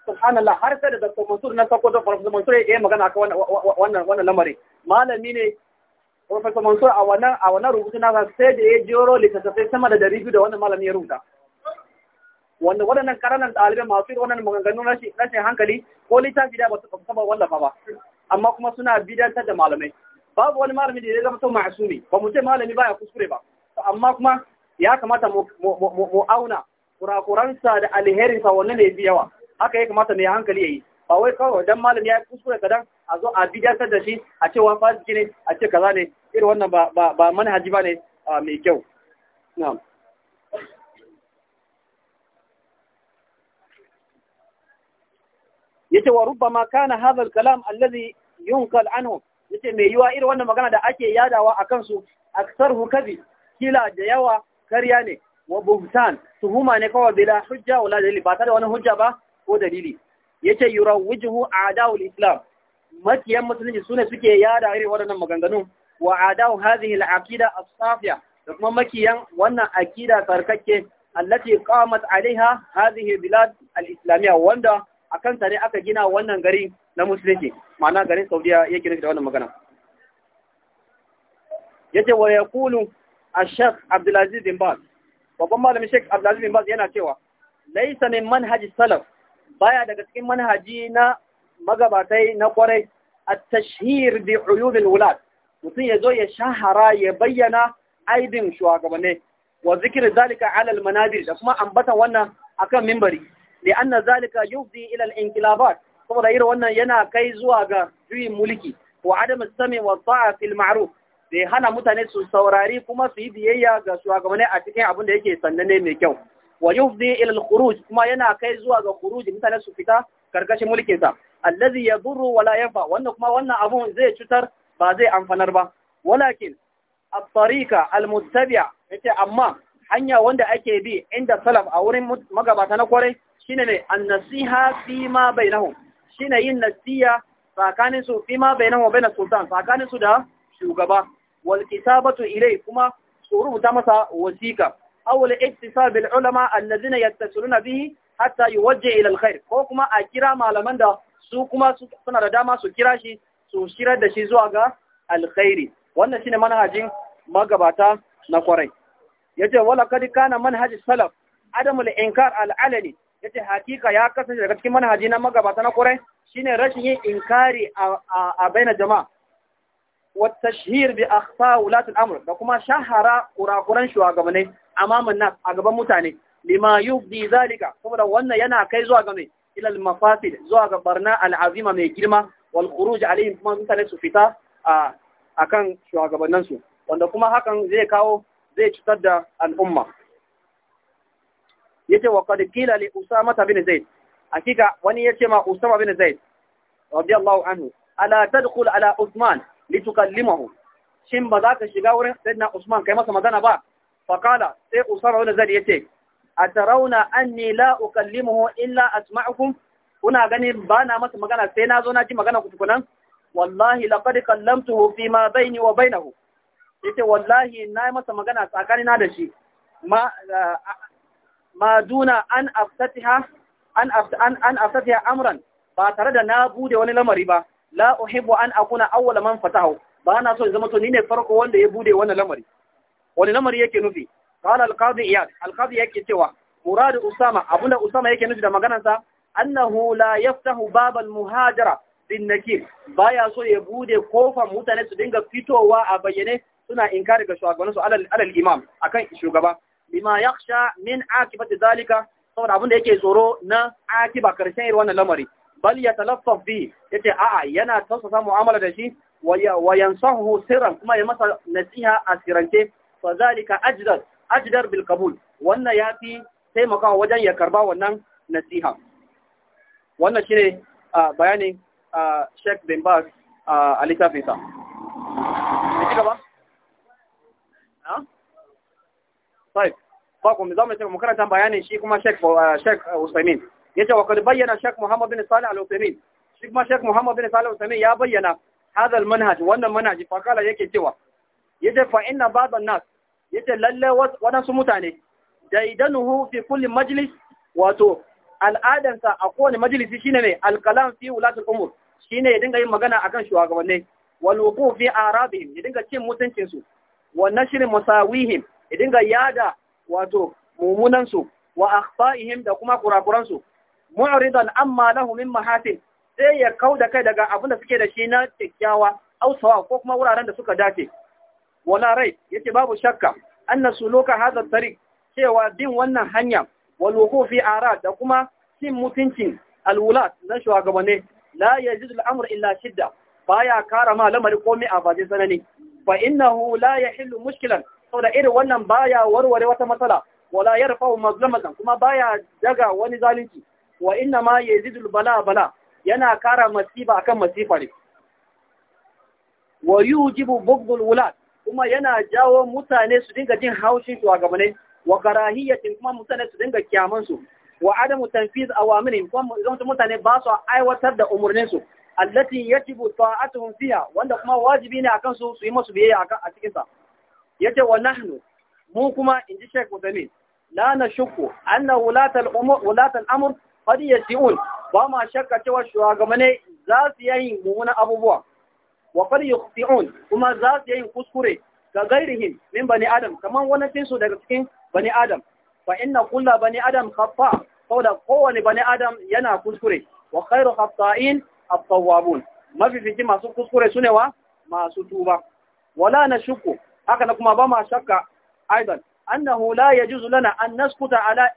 subhanallah har sai da Dr. Mansur na Sokoto Professor Mansur ya yi magana akan wannan wannan lamarin malami ne Professor Mansur a wannan a wannan rubutu na sai da ya jero littattafai sama da dari biyu da wannan malamin ya rubuta. Wanda waɗannan karanan ɗaliban masu yi wannan maganganu rashin hankali ko littafi da ba su saba wallafa ba. Amma kuma suna bidantar da malamai. Babu wani malami da ya zama sau ma'asumi ba mu ce malami ya kuskure ba. Amma kuma ya kamata mu auna kurakuransa da alherinsa wannan ne fi yawa. Haka ya kamata mai hankali ya yi. ba wai kawai dan malam ya kuskure kadan a zo a bidatar da shi a ce fasiki ne a ce kaza ne irin wannan ba ba ba ba ne mai kyau na'am yace wa rubbama kana hadha al-kalam alladhi yunkal anhu yace mai yiwa irin wannan magana da ake yadawa akan su aksarhu hukazi kila da yawa karya ne wa buhtan tuhuma ne kawai bila hujja wala dalili ba ta da wani hujja ba ko dalili yace wujuhu adawul islam makiyan musulunci sune suke yada irin waɗannan maganganu, wa adawu hadhihi al-aqida as-safiya da kuma makiyan wannan aqida sarkakke allati qamat alaiha hadhihi bilad al-islamiyya wanda akan ta ne aka gina wannan gari na musulunci ma'ana garin Saudiya yake nufi da wannan magana yace wa yaqulu ash-shaykh Abdulaziz bin Baz babban malamin shaykh Abdulaziz bin Baz yana cewa laysa min manhaj salaf baya daga cikin manhaji na magabatai na kwarai a tashir bi uyubil wulat mutum ya zo ya shahara ya bayyana aibin shugabanni wa zikir zalika alal al da kuma ambata wannan akan mimbari li anna zalika yufdi ila al-inqilabat saboda irin wannan yana kai zuwa ga juyin mulki wa adam sami wa ta'a fil ma'ruf da hana mutane su saurari kuma su yi biyayya ga shugabanni a cikin abin da yake sananne mai kyau wa yufdi ila al-khuruj kuma yana kai zuwa ga khuruj mutane su fita karkashin mulkin sa allazi yadurru wala yanfa wannan kuma wannan abun zai cutar ba zai amfanar ba walakin at-tariqa al-muttabi'a yace amma hanya wanda ake bi inda salaf a wurin magabata na kwarai shine ne an-nasiha fi ma bainahum shine yin nasiha tsakanin su fi ma bainahum bainas sultan tsakanin su da shugaba wal kitabatu ilai kuma su rubuta masa wasiqa aw al-ittisal bil ulama alladhina yattasiluna bihi hatta yuwajja ila al-khair ko kuma a kira malaman da su kuma suna da dama su kira shi su shirar da shi zuwa ga alkhairi wannan shine manhajin magabata na kwarai yace wala kad kana manhajis salaf adamul inkar al-alani yace hakika ya kasance daga cikin manhaji na magabata na kwarai shine rashin yin inkari a baina jama'a wa tashhir bi akhfa ulat al-amr da kuma shahara kurakuran shugabanni amaman nas a gaban mutane lima yubdi zalika saboda wannan yana kai zuwa ga mai ilal mafasid zuwa ga barna al'azima mai girma wal khuruj alaihim kuma mutane su fita a akan shugabannin su wanda kuma hakan zai kawo zai cutar da al'umma yace wa qad qila li usama bin zaid hakika wani yace ma usama bin zaid radiyallahu anhu ala tadkhul ala usman litukallimahu shin ba za ka shiga wurin sayyidina usman kai masa magana ba faƙala sai usama wani zari ya ce a tarauna an ni la ukallimuhu illa asma'ukum kuna gani ba na masa magana sai na zo na ji magana ku tukunan wallahi laqad kallamtuhu fi ma baini wa bainahu yace wallahi na masa magana tsakani da shi ma duna an aftatiha amran ba tare da na bude wani lamari ba la uhibbu an akuna awwala man fatahu ba na so zama to ni ne farko wanda ya bude wani lamari wani lamari yake nufi qala al-qadi iyad al-qadi yake cewa muradu usama abunda usama yake nufi da maganarsa annahu la yaftahu bab al-muhajara bin nakir baya so ya bude kofar mutane su dinga fitowa a bayyane suna inkari ga shugabansu alal imam akan shugaba bima yakhsha min akibati zalika saboda abin da yake tsoro na akiba karshen irin wannan lamari bal ya talaffaf bi yace a'a yana tausasa mu'amala da shi wa yansahu sirran kuma ya masa nasiha a sirance fazalika ajdar ajdar bil qabul wannan yafi taimakawa wajen ya karba wannan nasiha wannan shine bayanin Sheikh Bin Baz a littafinsa ba ba ku mu zama mu karanta bayanin shi kuma Sheikh Usaimin yace wa kad bayyana Sheikh Muhammad bin Salih Al Utsaimin shi kuma Sheikh Muhammad bin Salih Al Utsaimin ya bayyana hadha al manhaj wannan manhaj fa kala yake cewa yace fa inna ba'd an nas yace lalle wadansu mutane daidanuhu fi kulli majlis wato al'adansa a kowane majalisi shine mai alkalam fi wulatul umur shine ya dinga yin magana akan shugabanni wal wuqu fi arabihim ya dinga cin mutuncin su wa nashri musawihim ya dinga yada wato mumunan su wa akhfaihim da kuma kurakuran su mu'ridan amma lahu min mahatin sai ya kauda kai daga abinda suke da shi na kyakkyawa, sawa ko kuma wuraren da suka dace wala rai yace babu shakka anna suluka hadha tariq cewa bin wannan hanya wal wuqufi ara da kuma cin mutuncin alwulat na shugabanni la yajidu al'amru amr illa shidda baya kara ma lamari komai a baje sanani fa innahu la yahillu mushkilan da irin wannan baya warware wata matsala wala yarfa'u mazlamatan kuma baya daga wani zalunci wa inna ma yazidu al-bala bala yana kara masiba akan masifa ne wa yujibu bughdul wulat kuma yana jawo mutane su dinga jin haushin shugabannin wa karahiyatin kuma mutane su dinga kyaman su wa adamu tanfiz awamirin kuma mutane ba su aiwatar da umurnin su allati yajibu ta'atuhum fiha wanda kuma wajibi ne akan su su yi musu biyayya akan a cikin sa yace wa nahnu mu kuma inji Sheikh Uthaymeen la nashukku anna walatal umur ulata amr qad yasi'un ba ma shakka cewa shugabanni za su yi mummunan abubuwa wa qad yuqti'un kuma za su yi kuskure ga gairihim min bani adam kaman wani su daga cikin bani adam fa inna kullu bani adam khata da kowane bani adam yana kuskure wa khairu khata'in at-tawwabun masu kuskure sune wa masu tuba wala na haka na kuma ba ma shakka aidan annahu la yajuzu lana an naskuta ala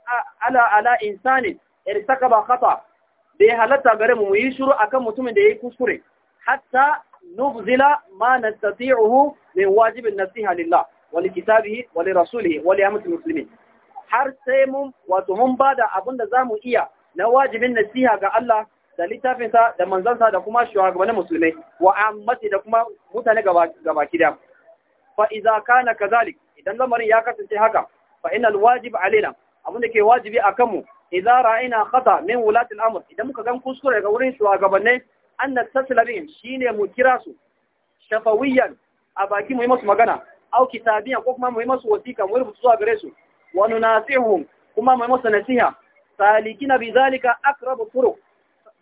ala ala insani irtakaba khata bai halatta gare mu yi shiru akan mutumin da yayi kuskure hatta nubzila ma nastati'uhu min wajibin nasiha lillah wa li kitabihi wa har sai mun wato mun da za mu iya na wajibin nasiha ga Allah da littafinsa da manzansa da kuma shugabannin musulmai wa ammati da kuma mutane gaba gida. fa idza kana kazalik idan lamarin ya kasance haka fa innal wajib alaina abin da ke wajibi akan mu idza ra'ina khata min wulati al-amr idan muka gan kuskure ga wurin shugabanni anna nattasila shine mu kira su shafawiyan a baki mu yi masu magana au kitabiyan ko kuma mu yi masu wasiƙa mu rubuta zuwa gare su wa nunasihum kuma mu yi masu nasiha salikina bi zalika aqrabu turuq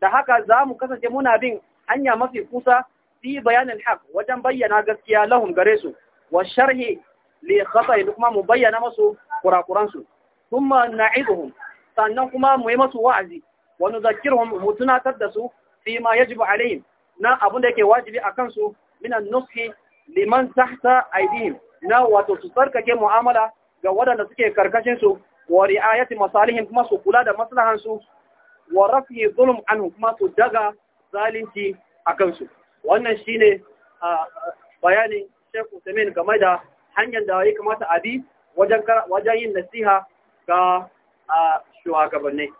da haka za mu kasance muna bin hanya mafi kusa fi bayanin haq wajen bayyana gaskiya lahum gare su wa sharhi li khata'i kuma mu bayyana masu kurakuran su kuma na'iduhum sannan kuma mu yi masu wa'azi wa nuzakkirhum mu tunatar da su fi ma yajibu alaihim na abun da yake wajibi a kansu minan nuski liman tahta aidihim na wato su tsarkake mu'amala ga waɗanda suke karkashin su wa ri'ayati masalihim kuma su kula da maslahan su wa rafi zulm anhu kuma su daga zalunci a kansu wannan shine bayanin Sheikh Usman game da hanyar da ya kamata a bi wajen yin nasiha ga shugabanni.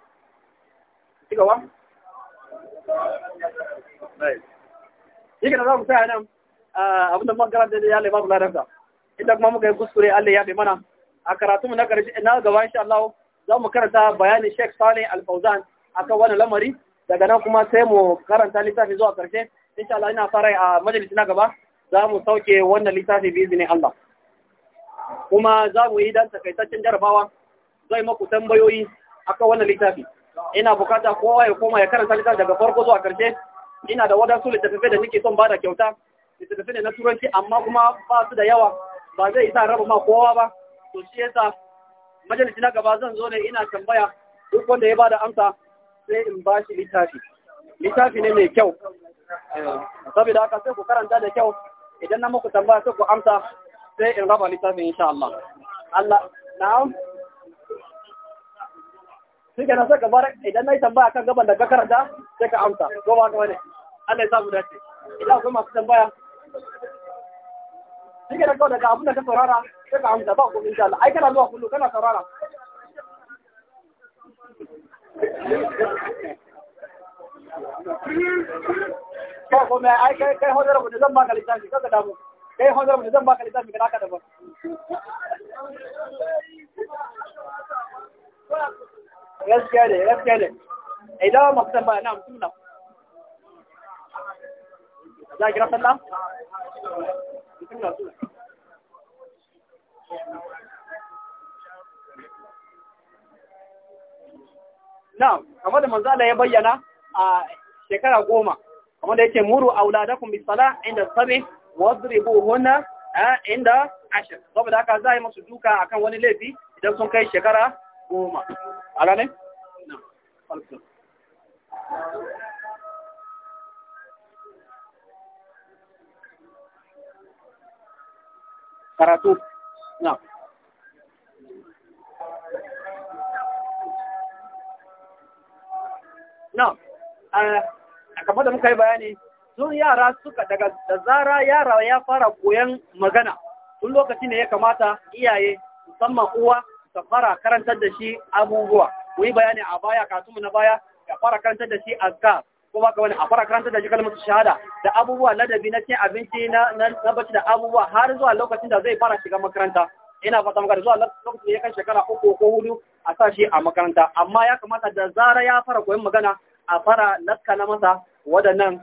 shi na za mu tsaya nan abinda muka karanta da lebabu na ladarsa inda kuma muka yi kuskure Allah ya bai mana a karatu na karshe na gaba insha Allah za mu karanta bayanin Sheikh Saleh Al-Fauzan akan wannan lamari daga nan kuma sai mu karanta littafi zuwa karshe insha Allah ina fara a majalisi na gaba za mu sauke wannan littafi bi izinin Allah kuma za mu yi dan takaitaccen jarabawa zai maku tambayoyi akan wannan littafi ina bukata kowa ya koma ya karanta littafin daga farko zuwa karshe ina da wadansu littattafai da nake son bada kyauta littattafai ne na turanci amma kuma ba su da yawa ba zai isa raba ma kowa ba to shi yasa majalisi na gaba zan zo ne ina tambaya duk wanda ya bada amsa sai in ba shi littafi littafi ne mai kyau saboda haka sai ku karanta da kyau idan na muku tambaya sai ku amsa sai in raba littafin insha Allah Allah na'am shi ke nan ka bar idan na yi tambaya kan gaban da ka karanta sai ka amsa ko ba ka wani Allah ya samu dace idan kuma masu tambaya shi ke nan kawai daga abin da ka saurara sai ka amsa ba kuma insha Allah ai kana zuwa kullu kana saurara ko kuma ai kai kai hodar mu zan baka ka kada damu kai hodar mu zan baka ka kada ka damu gaskiya ne gaskiya ne idan eh, maktan ba na mutum na za ki rafa nan mutum na suna na kamar da manzala ya bayyana a shekara goma kamar da yake muru auladakum bisala inda sabi wadribuhunna eh, inda ashir saboda haka za a yi musu duka akan wani laifi idan sun kai shekara goma ala karatu na na a eh, kamar da muka yi bayani tun yara suka daga da zara yara ya fara koyan magana tun lokaci ne ya kamata iyaye musamman uwa ka fara karantar da shi abubuwa wai bayani a baya kasumu na baya ka fara karantar da shi azka ko ba ka wani a fara karantar da shi kalmar shahada da abubuwa ladabi na cin abinci na bacci da abubuwa har zuwa lokacin da zai fara shiga makaranta ina fata maka zuwa lokacin da ya kai shekara uku ko hudu a sa shi a makaranta amma ya kamata da zara ya fara koyon magana a fara na masa waɗannan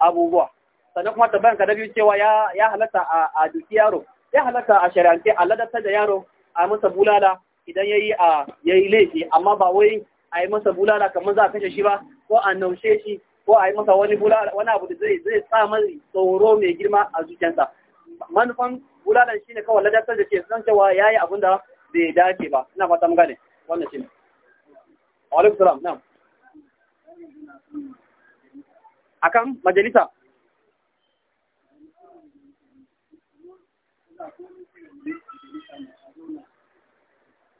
abubuwa sannan kuma tabbayan ka da biyu cewa ya halatta a duki yaro ya halatta a shari'ance a ladatar da yaro a masa bulala idan yayi a yi laifi amma ba wai a yi masa bulala kamar za a kashe shi ba ko a naushe shi ko a yi masa wani bulala wani abu da zai zai sa mai tsoro mai girma a zuciyarsa manufan bulalan shine kawai ladatar da ke san cewa yayi abin da bai dace ba ina fata mun gane wannan shine alaikum salam akan majalisa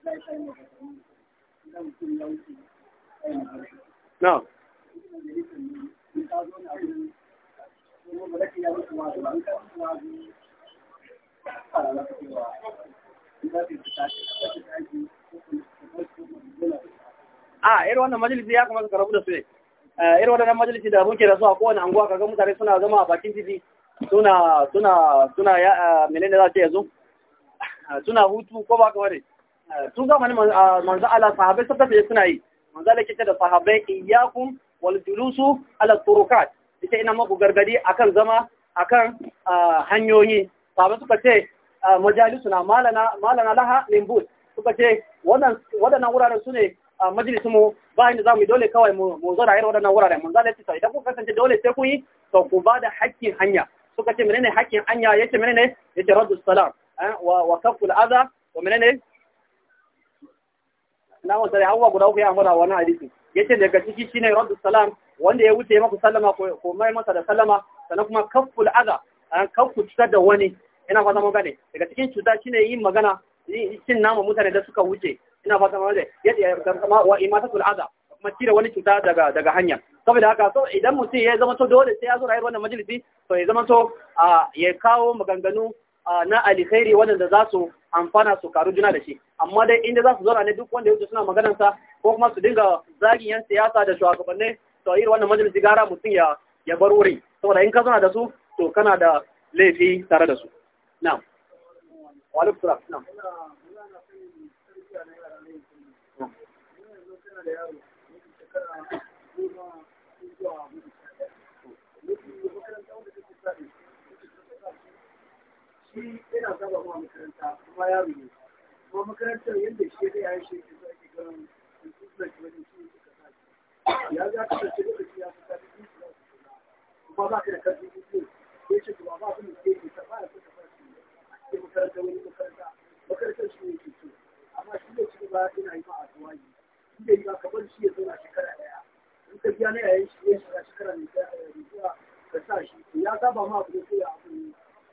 na'am a irin wannan majalisi ya kamata ka rabu da su ne eh, irin wannan majalisi da muke da su a kowane anguwa kaga mutane suna zama a bakin titi suna suna suna ya eh, menene za ce yanzu suna hutu ko ba ka ware tun zamanin ah, manzo Allah sahabbai sun tafi suna yi manzo Allah yake da sahabbai iyakun wal julusu ala turukat ita ina maku gargadi akan zama akan ah, hanyoyi sahabbai suka ce ah, majalisuna malana malana laha min bud suka ce waɗannan wuraren su ne majalisun mu bayan da za yi dole kawai mu zo da irin waɗannan wuraren mun zalace sau idan kuka kasance dole sai kun yi to ku ba da haƙƙin hanya suka ce menene haƙƙin hanya yace menene yace raddu salam eh, wa kaful adha wa menene na wata da hawa guda uku ya amara wani hadisi yace daga ciki shine raddu salam wanda ya wuce maku sallama ko mai masa da sallama sannan kuma kafful aza an kaffu cutar da wani ina fata mun gane daga cikin cuta shine yin magana cin nama mutane da suka wuce ina fata mun gane yadda wa imatatul aza kuma cire wani cuta daga daga hanya saboda haka so idan mutum ya zama to dole sai ya zo rayuwar wannan majalisi to ya zama to ya kawo maganganu na alkhairi wanda za su amfana su karu juna da shi amma dai inda za su zauna ne duk wanda ya wuce suna maganar sa ko kuma su dinga zagin yan siyasa da shugabanni to irin wannan majalisi gara mutum ya ya bar wuri saboda in ka zauna da su to kana da laifi tare da su na'am wa alaikum salam na'am Thank you. shi yana saba ma makaranta kuma yaro ne kuma makarantar yadda shi zai yayin shi ke zai ganin da shi wani shi suka sashi ya za ka sace shi ya fita da shi kuma ba ka da karfi sosai sai ce kuma ba abin da ke yi ta ba da suka sashi ke makaranta wani makaranta makarantar shi ne ke so amma shi da shi ba yana yi ma a tuwayi shi da yi ba kamar shi ya zauna shekara ɗaya in ka biya na yayin shi ya shiga shekara ne ta zuwa ka sa shi ya saba ma abu da sai ya abu ne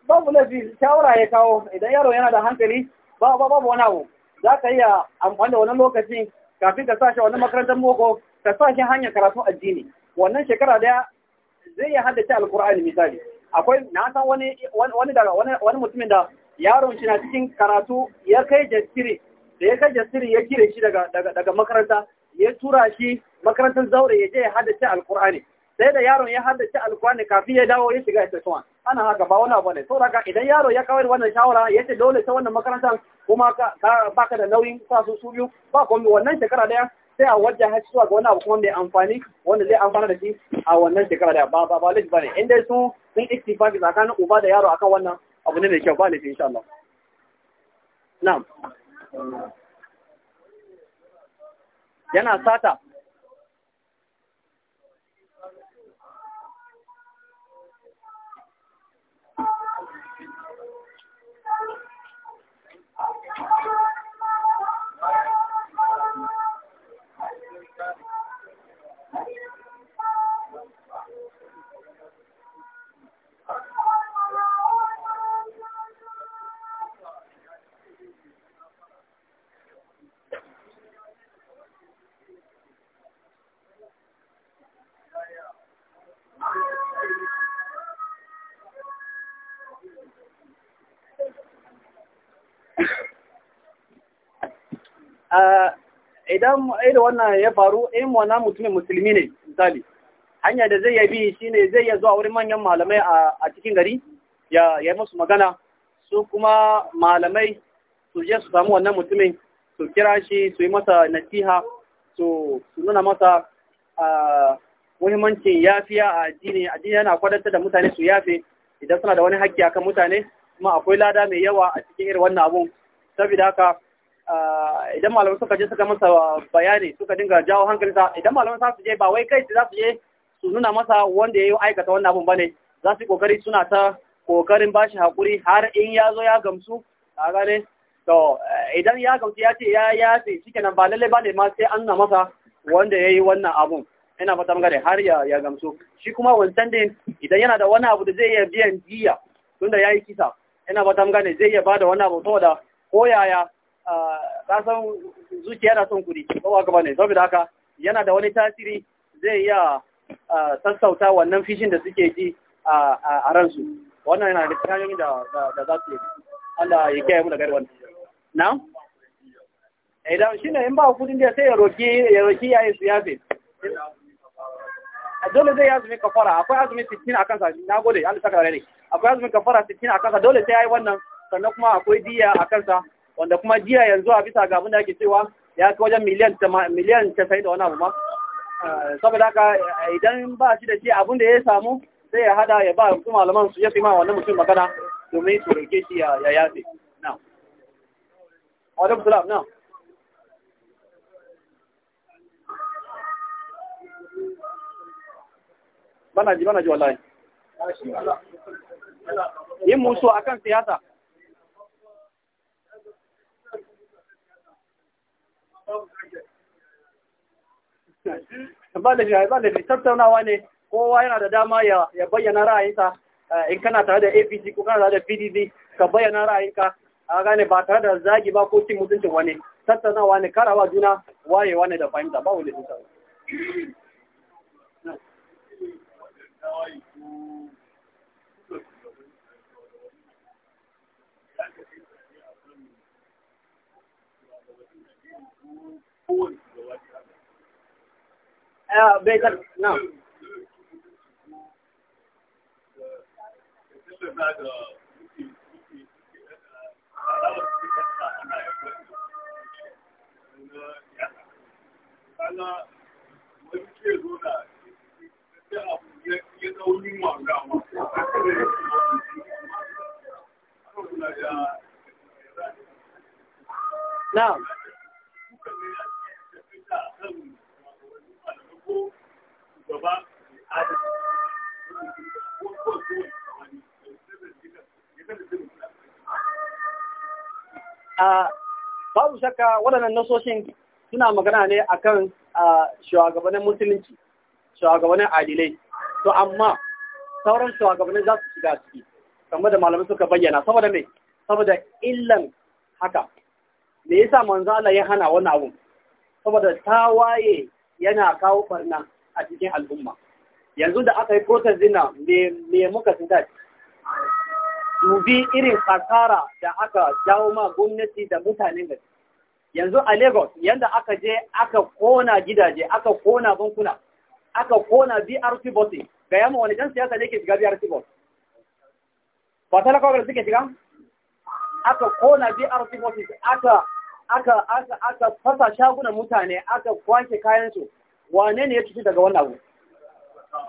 babu lafi shawara ya kawo idan yaro yana da hankali babu wani abu za ka iya amfani da wani lokaci kafin ka sashi wani makarantar boko ka sashi hanya karatu addini wannan shekara daya zai iya haddace alkur'ani misali akwai na san wani wani daga wani mutumin da yaron shi na cikin karatu ya kai jasiri da ya kai jasiri ya kire shi daga daga makaranta ya tura shi makarantar zaure ya je ya haddace alkur'ani sai da yaron ya haddace alkur'ani kafin ya dawo ya shiga ita ana haka ba wani abu ne to daga idan yaro ya kawar wannan shawara ya ce dole ta wannan makaranta kuma baka da nauyin sa su su biyu ba komai wannan shekara daya sai a wajen haci zuwa ga wani abu kuma mai amfani wanda zai amfana da shi a wannan shekara daya ba ba ba laifi bane in su sun ittifaqi tsakanin uba da yaro akan wannan abu ne mai kyau ba laifi insha Allah na'am yana sata idan irin wannan ya faru in wannan mutumin musulmi ne misali hanya da zai yabi shine zai ya zuwa wurin manyan malamai a cikin gari ya yi musu magana su kuma malamai su je su samu wannan mutumin su kira shi su yi masa nasiha su nuna masa muhimmancin yafiya a addini addini yana kwadantar da mutane su yafe idan suna da wani hakki kan mutane kuma akwai lada mai yawa a cikin irin wannan abun saboda haka Ah, idan malamai suka je suka masa bayani suka dinga jawo hankalinsa idan malamai za su je ba wai kai za su je su nuna masa wanda ya yi aikata wannan abun bane za su yi kokari suna ta kokarin bashi hakuri har in ya zo ya gamsu a gane to eh, idan ya gamsu ya ce ya ya ce kenan ba lalle bane ma sai an na masa wanda ya yi wannan abun ina fata gane har ya ya gamsu shi kuma wancan din idan yana da wani abu da zai iya biyan jiya tunda ya yi kisa ina fata gane zai iya bada wani abu saboda ko yaya kasan zuciya na son kuɗi kowa gaba ne saboda haka yana da wani tasiri zai iya sassauta wannan fishin da suke ji a ransu wannan yana da hanyoyin da za su yi Allah ya kiyaye mu daga wannan na idan eh, shi ne in ba kudin da sai ya roki ya roki yayi su yafe dole zai azumi kafara akwai azumi 60 akan sa na gode Allah saka ne akwai azumi kafara 60 akan sa dole sai yayi wannan sannan kuma akwai diya akan sa wanda kuma jiya yanzu a bisa ga abin da ake cewa ya kai wajen miliyan miliyan da wani abu ma eh, saboda haka eh, idan ba shi da shi abin da ya samu sai ya hada ya ba su malaman su ya fi ma wannan mutum magana domin su rike shi ya yafe na'am wadda salam na'am bana ji bana ji wallahi yin musu akan siyasa ba tattaunawa ne kowa yana da dama ya bayyana ra'ayinsa eh, in kana tare da apc ko kana tare da pdd ka bayyana ra'ayinka a gane ba tare da zagi ba ko cin mutuncin wani tattaunawa ne karawa juna waye wani da fahimta ba wani tattaunawa kowane bai zar na babu shakka waɗannan nasoshin suna magana ne a kan shugabannin musulunci shugabannin adilai to amma sauran shugabannin za su shiga ciki kamar da malamai suka bayyana saboda mai saboda illan haka me yasa manzo Allah ya hana wannan abun saboda tawaye yana kawo barna a cikin al'umma yanzu da aka yi protest dina me muka sinta dubi irin kasara da aka jawo ma gwamnati da mutanen gari yanzu a lagos yadda aka je aka kona gidaje aka kona bankuna aka kona brc bote ga yamma wani jan siyasa ne ke shiga brc bote ba talakawa suke shiga aka kona brc bote aka aka aka aka fasa shagunan mutane aka kwanke kayan su wane ne ya cuci daga wannan abu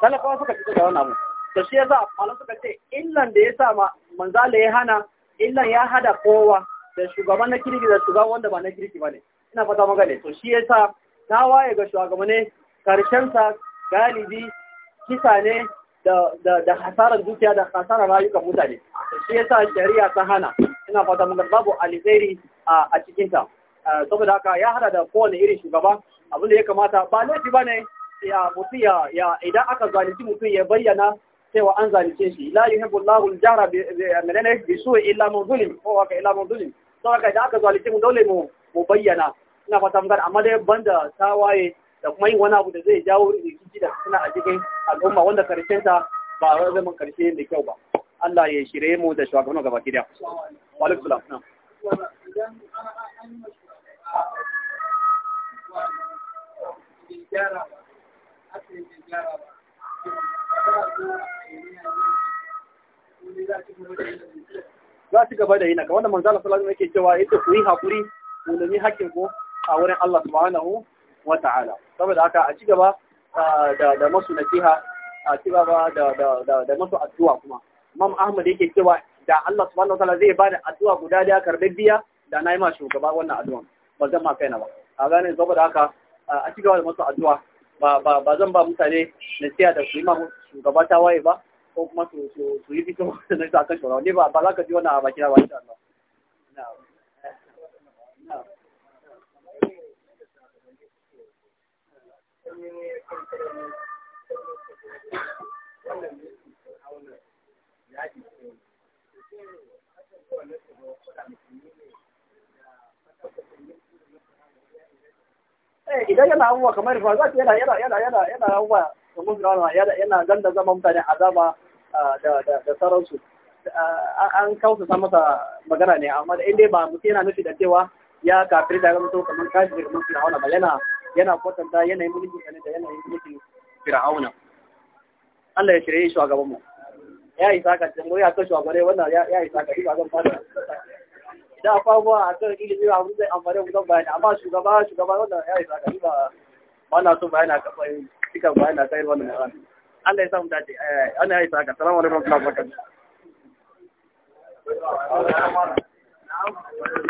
talakawa suka cuci daga wannan abu da shi yasa malam suka ce illan da ya sa ma manzala ya hana illan ya hada kowa da shugaban na kirki da shugaban wanda ba na kirki bane ina fata magane to shi yasa ta waye ga shugabanne karshen sa galibi kisa ne da da da hasaran dukiya da hasaran rayukan mutane shi yasa shari'a ta hana ina fata mun babu alheri a cikin ta eh, saboda haka ya hada da kowane irin shugaba abin da ya kamata ba laifi bane ya mutu ya idan aka zalunci mutum ya bayyana cewa an zalunce shi la yuhibbu Allahu al-jahra bi menene bi su'i illa man zulim ko haka illa man zulim saboda idan aka zalunce mu dole mu mu bayyana ina fata mun amma dai banda tawaye da kuma yin wani abu da zai jawo rikici da suna a cikin al'umma wanda karshen ta ba zai mun karshe da kyau ba Allah ya shirye mu da shugaban gaba ki da wa za su gaba da yi naka wanda manzala salatu alaihi yake cewa yadda ku yi hakuri ku nemi hakkin ku a wurin Allah subhanahu wa ta'ala saboda haka a ci gaba ah, da masu nasiha a ci gaba da masu addu'a kuma Imam Ahmad yake cewa da Allah subhanahu wataala zai bani addu'a guda da biya da nayi ma shugaba wannan addu'a ba zan ma kaina ba a gane saboda haka a gaba da masu addu'a ba ba zan ba mutane tsaya da su yi ma shugaba ta waye ba ko kuma su su yi fito na sa kan shugaba ne ba ba za ka ji wannan a ba insha Allah Thank you. Eh, idan yana abubuwa kamar rufa za yana yana yana yana yana abubuwa da musu rana yana yana zanda zama mutane azaba ah, da da da sauransu ah, an kawo sa masa magana ne amma da inda ba mutum yana nufi da cewa ya kafir da gamto kamar da kamar fir'auna ba yana yana kwatanta yanayin mulkin da yanayin mulkin fir'auna Allah ya shirye shi a gaban mu ya isa ka tambayi akan shugabane wannan ya isa ka ba zan fada da abubuwa a kan ilimi a wurin zai amare da don bayani amma shugaba shugaba wannan ya isa ka ba wannan sun bayani a kafa cikin bayani a kayan wannan magana Allah ya samu dace eh, ana ya isa ka salamu alaikum wa rahmatullahi wa barakatuh